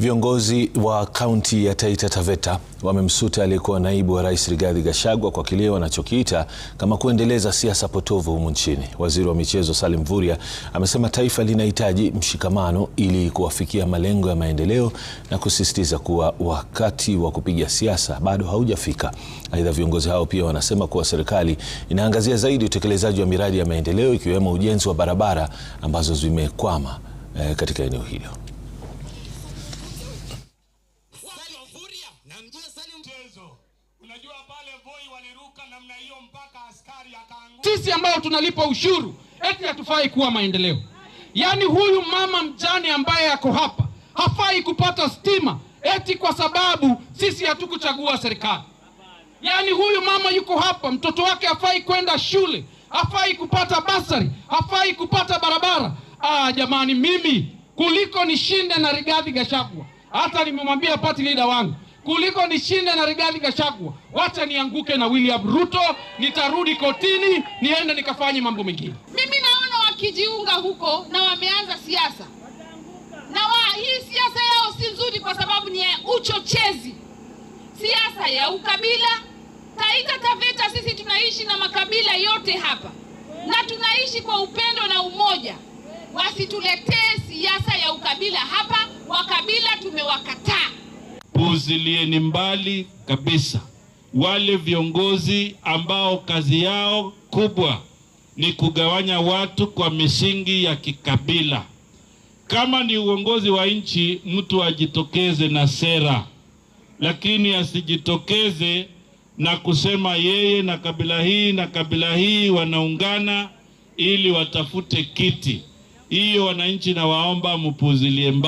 Viongozi wa kaunti ya Taita Taveta wamemsuta aliyekuwa naibu wa rais Rigathi Gachagua kwa kile wanachokiita kama kuendeleza siasa potovu humu nchini. Waziri wa michezo Salim Vuria amesema taifa linahitaji mshikamano ili kuwafikia malengo ya maendeleo na kusisitiza kuwa wakati wa kupiga siasa bado haujafika. Aidha, viongozi hao pia wanasema kuwa serikali inaangazia zaidi utekelezaji wa miradi ya maendeleo ikiwemo ujenzi wa barabara ambazo zimekwama eh, katika eneo hilo. Sisi ambao tunalipa ushuru eti hatufai kuwa maendeleo. Yaani huyu mama mjane ambaye ako hapa hafai kupata stima eti kwa sababu sisi hatukuchagua serikali. Yaani huyu mama yuko hapa, mtoto wake hafai kwenda shule, hafai kupata basari, hafai kupata barabara. Ah, jamani, mimi kuliko nishinde na Rigathi Gachagua, hata nimemwambia party leader wangu kuliko nishinde na Rigathi Gachagua, wacha nianguke na William Ruto, nitarudi kotini, niende nikafanye mambo mengine. Mimi naona wakijiunga huko na wameanza siasa na wa, hii siasa yao si nzuri, kwa sababu ni ya uchochezi, siasa ya ukabila. Taita Taveta, sisi tunaishi na makabila yote hapa na tunaishi kwa upendo na umoja. Wasituletee siasa ya ukabila hapa, wakabila tumewakataa puzilieni mbali kabisa wale viongozi ambao kazi yao kubwa ni kugawanya watu kwa misingi ya kikabila. Kama ni uongozi wa nchi, mtu ajitokeze na sera, lakini asijitokeze na kusema yeye na kabila hii na kabila hii wanaungana ili watafute kiti. Hiyo wananchi, na waomba mpuuzilie